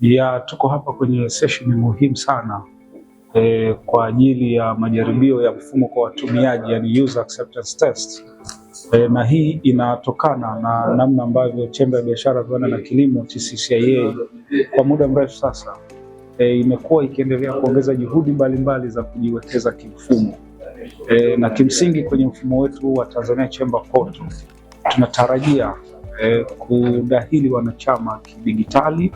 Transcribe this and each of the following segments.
Ya, tuko hapa kwenye session muhimu sana e, kwa ajili ya majaribio ya mfumo kwa watumiaji yani user acceptance test e, na hii inatokana na namna ambavyo Chemba ya Biashara, Viwanda na Kilimo TCCIA kwa muda mrefu sasa e, imekuwa ikiendelea kuongeza juhudi mbalimbali za kujiwekeza kimfumo e, na kimsingi kwenye mfumo wetu wa Tanzania Chemba Portal tunatarajia e, kudahili wanachama kidigitali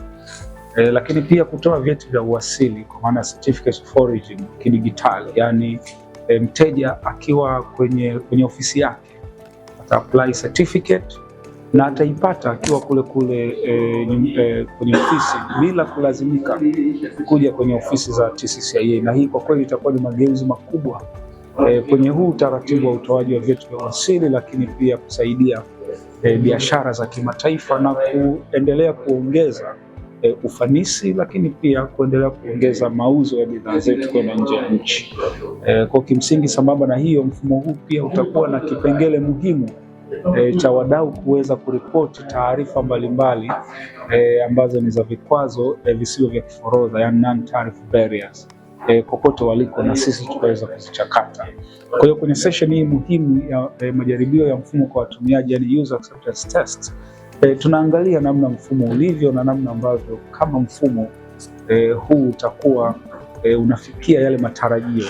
E, lakini pia kutoa vyeti vya uasili kwa maana certificate of origin kidigitali, yani e, mteja akiwa kwenye, kwenye ofisi yake ata apply certificate na ataipata akiwa kule kule e, e, kwenye ofisi bila kulazimika kuja kwenye ofisi za TCCIA, na hii kwa kweli itakuwa ni mageuzi makubwa e, kwenye huu utaratibu wa utoaji wa vyeti vya uasili, lakini pia kusaidia e, biashara za kimataifa na kuendelea kuongeza e, ufanisi, lakini pia kuendelea kuongeza mauzo ya bidhaa zetu kwenda nje ya nchi. E, kwa kimsingi, sambamba na hiyo, mfumo huu pia utakuwa na kipengele muhimu E, cha wadau kuweza kuripoti taarifa mbalimbali e, ambazo ni za vikwazo e, visivyo vya kiforodha yani non tariff barriers e, kokote waliko na sisi tukaweza kuzichakata. Kwa hiyo kwenye session hii muhimu ya e, majaribio ya mfumo kwa watumiaji yani user acceptance test E, tunaangalia namna mfumo ulivyo na namna ambavyo kama mfumo e, huu utakuwa e, unafikia yale matarajio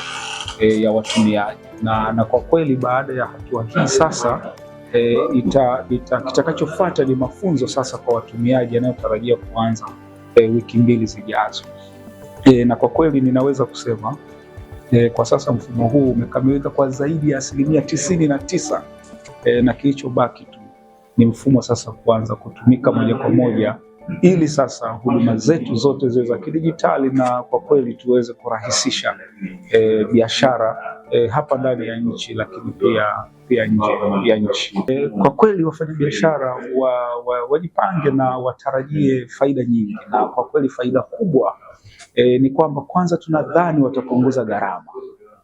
e, ya watumiaji na, na kwa kweli baada ya hatua hii sasa e, ita, ita, kitakachofuata ni mafunzo sasa kwa watumiaji yanayotarajia kuanza e, wiki mbili zijazo. E, na kwa kweli ninaweza kusema e, kwa sasa mfumo huu umekamilika kwa zaidi ya asilimia tisini na tisa e, na kilichobaki tu ni mfumo sasa kuanza kutumika moja kwa moja ili sasa huduma zetu zote ziwe za kidijitali na kwa kweli tuweze kurahisisha e, biashara e, hapa ndani ya nchi lakini pia pia nje ya nchi. E, kwa kweli wafanyabiashara wajipange wa, wajipange na watarajie faida nyingi, na kwa kweli faida kubwa e, ni kwamba kwanza tunadhani watapunguza gharama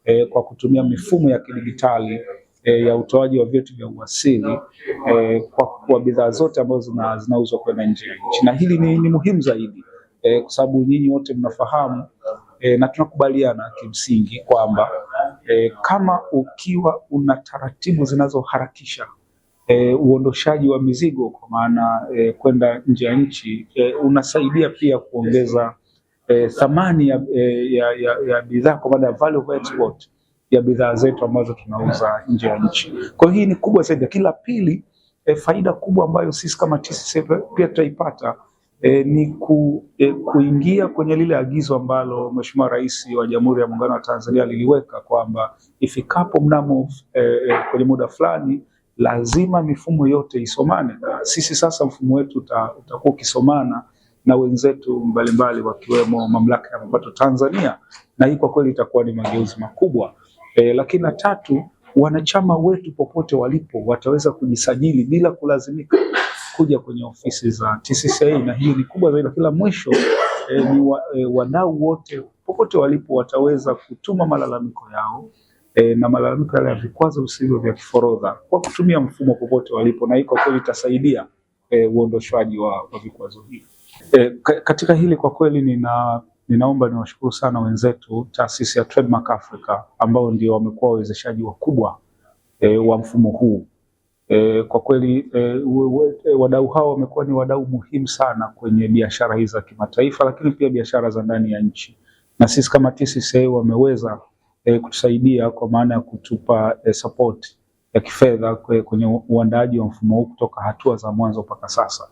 e, kwa kutumia mifumo ya kidijitali e, ya utoaji wa vyeti vya uasili e, kwa, kwa bidhaa zote ambazo zinauzwa kwenda nje ya nchi, na hili ni, ni muhimu zaidi e, kwa sababu nyinyi wote mnafahamu e, na tunakubaliana kimsingi kwamba e, kama ukiwa una taratibu zinazoharakisha E, uondoshaji wa mizigo kwa maana e, kwenda nje ya nchi e, unasaidia pia kuongeza e, thamani ya, e, ya, ya, ya bidhaa kwa maana ya value of export ya bidhaa zetu ambazo tunauza nje ya nchi. Kwa hiyo hii ni kubwa zaidi, lakini la pili e, faida kubwa ambayo sisi kama TCCIA pia tutaipata e, ni ku, e, kuingia kwenye lile agizo ambalo Mheshimiwa Rais wa Jamhuri ya Muungano wa Tanzania liliweka kwamba ifikapo mnamo e, kwenye muda fulani lazima mifumo yote isomane, na sisi sasa mfumo wetu utakuwa ukisomana na wenzetu mbalimbali wakiwemo Mamlaka ya Mapato Tanzania, na hii kwa kweli itakuwa ni mageuzi makubwa. E, lakini na tatu, wanachama wetu popote walipo wataweza kujisajili bila kulazimika kuja kwenye ofisi za TCCIA, na hiyo ni kubwa zaidi. Kila mwisho e, ni wa, e, wadau wote popote walipo wataweza kutuma malalamiko yao e, na malalamiko yale ya vikwazo visivyo vya kiforodha kwa kutumia mfumo popote walipo, na hii kwa kweli itasaidia e, uondoshwaji wa, wa vikwazo hivi. E, katika hili kwa kweli nina Ninaomba niwashukuru sana wenzetu taasisi ya Trademark Africa ambao ndio wamekuwa wawezeshaji wakubwa e, wa mfumo huu e, kwa kweli e, e, wadau hao wamekuwa ni wadau muhimu sana kwenye biashara hizi za kimataifa, lakini pia biashara za ndani ya nchi, na sisi kama TCCA wameweza e, kutusaidia kwa maana ya kutupa e, support ya kifedha kwenye uandaaji wa mfumo huu kutoka hatua za mwanzo mpaka sasa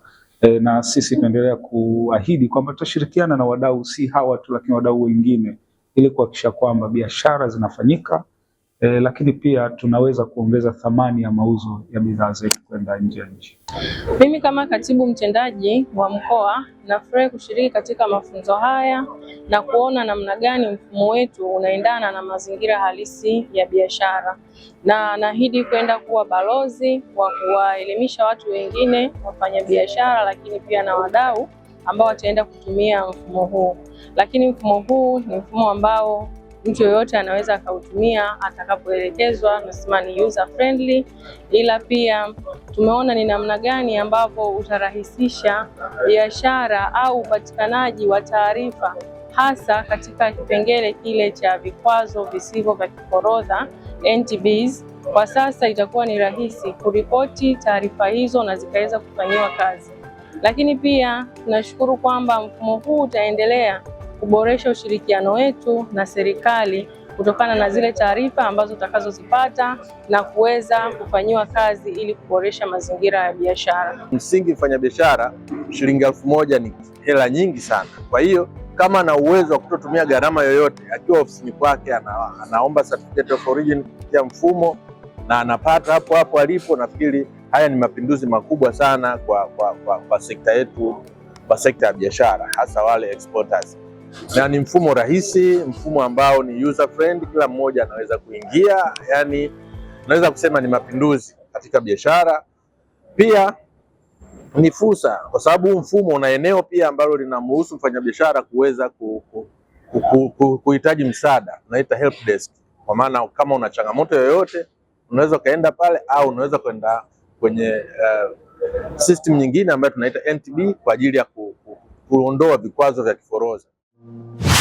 e, na sisi tunaendelea kuahidi kwamba tutashirikiana na wadau, si hawa tu, lakini wadau wengine ili kuhakikisha kwamba biashara zinafanyika e, lakini pia tunaweza kuongeza thamani ya mauzo ya bidhaa zetu kwenda nje ya nchi. Mimi kama katibu mtendaji wa mkoa nafurahi kushiriki katika mafunzo haya na kuona namna gani mfumo wetu unaendana na mazingira halisi ya biashara, na naahidi kwenda kuwa balozi wa kuwaelimisha watu wengine, wafanyabiashara, lakini pia na wadau ambao wataenda kutumia mfumo huu, lakini mfumo huu ni mfumo ambao mtu yoyote anaweza akautumia atakapoelekezwa, nasema ni user friendly, ila pia tumeona ni namna gani ambapo utarahisisha biashara au upatikanaji wa taarifa hasa katika kipengele kile cha vikwazo visivyo vya kiforodha NTBs. Kwa sasa itakuwa ni rahisi kuripoti taarifa hizo na zikaweza kufanyiwa kazi, lakini pia tunashukuru kwamba mfumo huu utaendelea kuboresha ushirikiano wetu na serikali kutokana na zile taarifa ambazo utakazozipata na kuweza kufanyiwa kazi ili kuboresha mazingira ya biashara. Msingi mfanya biashara shilingi elfu moja ni hela nyingi sana. Kwa hiyo kama ana uwezo wa kutotumia gharama yoyote, akiwa ofisini kwake ana, anaomba certificate of origin kupitia mfumo na anapata hapo hapo alipo. Nafikiri haya ni mapinduzi makubwa sana kwa, kwa, kwa, kwa sekta yetu, kwa sekta ya biashara hasa wale exporters na ni mfumo rahisi, mfumo ambao ni user friend, kila mmoja anaweza kuingia. Yani naweza kusema ni mapinduzi katika biashara, pia ni fursa, kwa sababu mfumo una eneo pia ambalo linamruhusu mfanyabiashara kuweza kuhitaji msaada, unaita help desk, kwa maana kama una changamoto yoyote unaweza ukaenda pale au unaweza kwenda kwenye uh, system nyingine ambayo tunaita NTB kwa ajili ya ku, ku, kuondoa vikwazo vya kiforoza. you